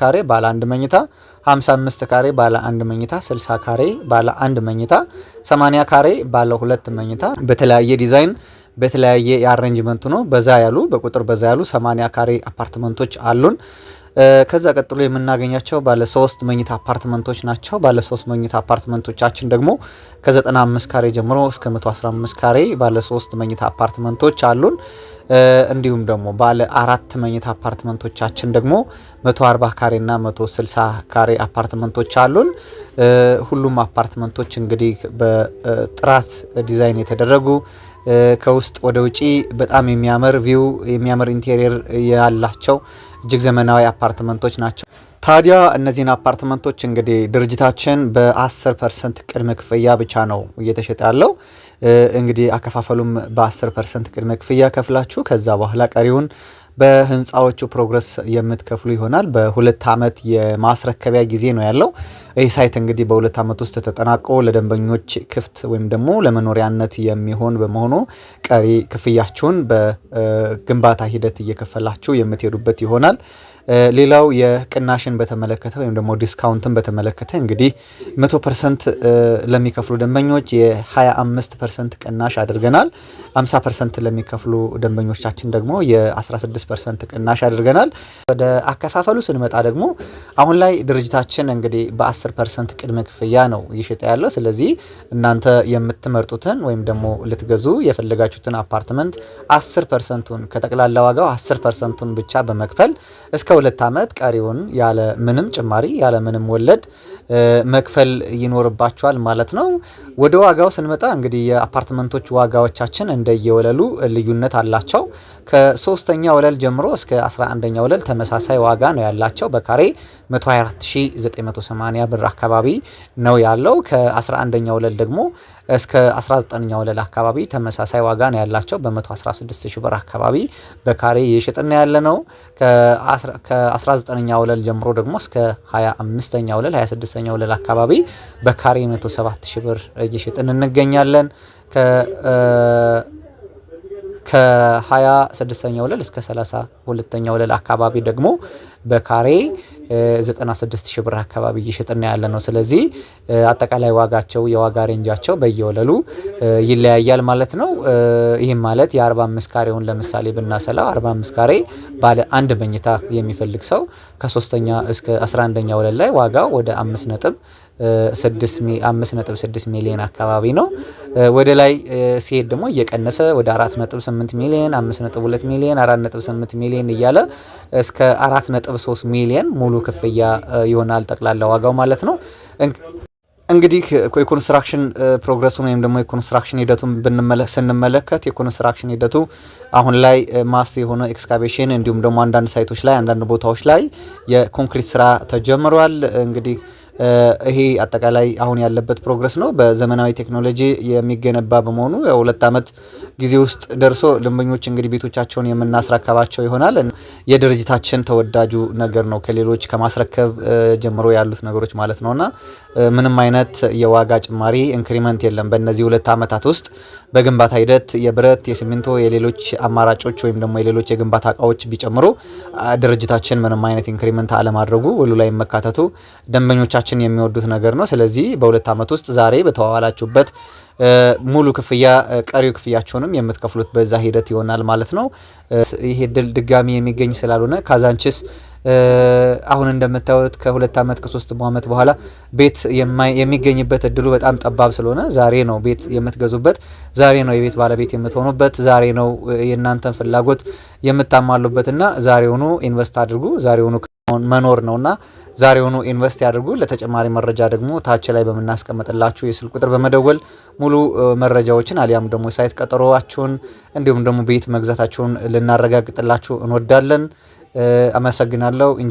ካሬ ባለ አንድ መኝታ 55 ካሬ ባለ አንድ መኝታ 60 ካሬ ባለ አንድ መኝታ 80 ካሬ ባለ ሁለት መኝታ በተለያየ ዲዛይን በተለያየ የአሬንጅመንት ነው በዛ ያሉ በቁጥር በዛ ያሉ 80 ካሬ አፓርትመንቶች አሉን። ከዛ ቀጥሎ የምናገኛቸው ባለ ሶስት መኝታ አፓርትመንቶች ናቸው። ባለ ሶስት መኝታ አፓርትመንቶቻችን ደግሞ ከ95 ካሬ ጀምሮ እስከ 115 ካሬ ባለ ሶስት መኝታ አፓርትመንቶች አሉን። እንዲሁም ደግሞ ባለ አራት መኝታ አፓርትመንቶቻችን ደግሞ 140 ካሬና 160 ካሬ አፓርትመንቶች አሉን። ሁሉም አፓርትመንቶች እንግዲህ በጥራት ዲዛይን የተደረጉ ከውስጥ ወደ ውጪ በጣም የሚያምር ቪው የሚያምር ኢንቴሪየር ያላቸው እጅግ ዘመናዊ አፓርትመንቶች ናቸው። ታዲያ እነዚህን አፓርትመንቶች እንግዲህ ድርጅታችን በ10 ፐርሰንት ቅድመ ክፍያ ብቻ ነው እየተሸጠ ያለው። እንግዲህ አከፋፈሉም በ10 ፐርሰንት ቅድመ ክፍያ ከፍላችሁ ከዛ በኋላ ቀሪውን በህንፃዎቹ ፕሮግረስ የምትከፍሉ ይሆናል። በሁለት ዓመት የማስረከቢያ ጊዜ ነው ያለው። ይህ ሳይት እንግዲህ በሁለት ዓመት ውስጥ ተጠናቆ ለደንበኞች ክፍት ወይም ደግሞ ለመኖሪያነት የሚሆን በመሆኑ ቀሪ ክፍያችሁን በግንባታ ሂደት እየከፈላችሁ የምትሄዱበት ይሆናል። ሌላው የቅናሽን በተመለከተ ወይም ደግሞ ዲስካውንትን በተመለከተ እንግዲህ መቶ ፐርሰንት ለሚከፍሉ ደንበኞች የ25 ፐርሰንት ቅናሽ አድርገናል። 50 ፐርሰንት ለሚከፍሉ ደንበኞቻችን ደግሞ የ16 ፐርሰንት ቅናሽ አድርገናል። ወደ አከፋፈሉ ስንመጣ ደግሞ አሁን ላይ ድርጅታችን እንግዲህ በ10 ፐርሰንት ቅድመ ክፍያ ነው እየሸጠ ያለው። ስለዚህ እናንተ የምትመርጡትን ወይም ደግሞ ልትገዙ የፈለጋችሁትን አፓርትመንት 10 ፐርሰንቱን ከጠቅላላ ዋጋው 10 ፐርሰንቱን ብቻ በመክፈል እስከ ሁለት ዓመት ቀሪውን ያለ ምንም ጭማሪ ያለ ምንም ወለድ መክፈል ይኖርባቸዋል ማለት ነው። ወደ ዋጋው ስንመጣ እንግዲህ የአፓርትመንቶች ዋጋዎቻችን እንደየወለሉ ልዩነት አላቸው። ከሶስተኛ ወለል ጀምሮ እስከ 11ኛ ወለል ተመሳሳይ ዋጋ ነው ያላቸው። በካሬ 124980 ብር አካባቢ ነው ያለው። ከ11ኛ ወለል ደግሞ እስከ 19ኛ ወለል አካባቢ ተመሳሳይ ዋጋ ነው ያላቸው በ116 ሺ ብር አካባቢ በካሬ የሸጥና ያለ ነው። ከ19ኛ ወለል ጀምሮ ደግሞ እስከ 25ኛ ወለል 26ኛ ወለል አካባቢ በካሬ 107 ሺ ብር እየሸጥን እንገኛለን። ከ26ኛ ወለል እስከ 32ኛ ወለል አካባቢ ደግሞ በካሬ 96 ሺህ ብር አካባቢ እየሸጥና ያለ ነው። ስለዚህ አጠቃላይ ዋጋቸው የዋጋ ሬንጃቸው በየወለሉ ይለያያል ማለት ነው። ይህም ማለት የ45 ካሬውን ለምሳሌ ብናሰላው 45 ካሬ ባለ አንድ መኝታ የሚፈልግ ሰው ከሶስተኛ እስከ 11ኛ ወለል ላይ ዋጋው ወደ አምስት ነጥብ 5.6 ሚሊዮን አካባቢ ነው። ወደ ላይ ሲሄድ ደግሞ እየቀነሰ ወደ 4.8 ሚሊዮን፣ 5.2 ሚሊዮን፣ 4.8 ሚሊዮን እያለ እስከ 4.3 ሚሊዮን ሙሉ ክፍያ ይሆናል ጠቅላላ ዋጋው ማለት ነው። እንግዲህ የኮንስትራክሽን ፕሮግረሱን ወይም ደግሞ የኮንስትራክሽን ሂደቱን ስንመለከት የኮንስትራክሽን ሂደቱ አሁን ላይ ማስ የሆነ ኤክስካቬሽን እንዲሁም ደግሞ አንዳንድ ሳይቶች ላይ አንዳንድ ቦታዎች ላይ የኮንክሪት ስራ ተጀምሯል። እንግዲህ ይሄ አጠቃላይ አሁን ያለበት ፕሮግረስ ነው። በዘመናዊ ቴክኖሎጂ የሚገነባ በመሆኑ ሁለት ዓመት ጊዜ ውስጥ ደርሶ ደንበኞች እንግዲህ ቤቶቻቸውን የምናስረከባቸው ይሆናል። የድርጅታችን ተወዳጁ ነገር ነው፣ ከሌሎች ከማስረከብ ጀምሮ ያሉት ነገሮች ማለት ነውና ምንም አይነት የዋጋ ጭማሪ ኢንክሪመንት የለም። በእነዚህ ሁለት ዓመታት ውስጥ በግንባታ ሂደት የብረት፣ የሲሚንቶ፣ የሌሎች አማራጮች ወይም ደግሞ የሌሎች የግንባታ እቃዎች ቢጨምሩ ድርጅታችን ምንም አይነት ኢንክሪመንት አለማድረጉ ውሉ ላይ መካተቱ ደንበኞቻችን ብዙዎቻችን የሚወዱት ነገር ነው። ስለዚህ በሁለት ዓመት ውስጥ ዛሬ በተዋዋላችሁበት ሙሉ ክፍያ ቀሪው ክፍያችሁንም የምትከፍሉት በዛ ሂደት ይሆናል ማለት ነው። ይሄ እድል ድጋሚ የሚገኝ ስላልሆነ ካዛንችስ አሁን እንደምታዩት ከሁለት ዓመት ከሶስት ዓመት በኋላ ቤት የሚገኝበት እድሉ በጣም ጠባብ ስለሆነ ዛሬ ነው ቤት የምትገዙበት፣ ዛሬ ነው የቤት ባለቤት የምትሆኑበት፣ ዛሬ ነው የእናንተን ፍላጎት የምታሟሉበትና ዛሬውኑ ኢንቨስት አድርጉ ዛሬውኑ መኖር ነውና እና ዛሬውኑ ኢንቨስት ያድርጉ። ለተጨማሪ መረጃ ደግሞ ታች ላይ በምናስቀምጥላችሁ የስልክ ቁጥር በመደወል ሙሉ መረጃዎችን አሊያም ደግሞ ሳይት ቀጠሮዋችሁን እንዲሁም ደግሞ ቤት መግዛታችሁን ልናረጋግጥላችሁ እንወዳለን። አመሰግናለሁ።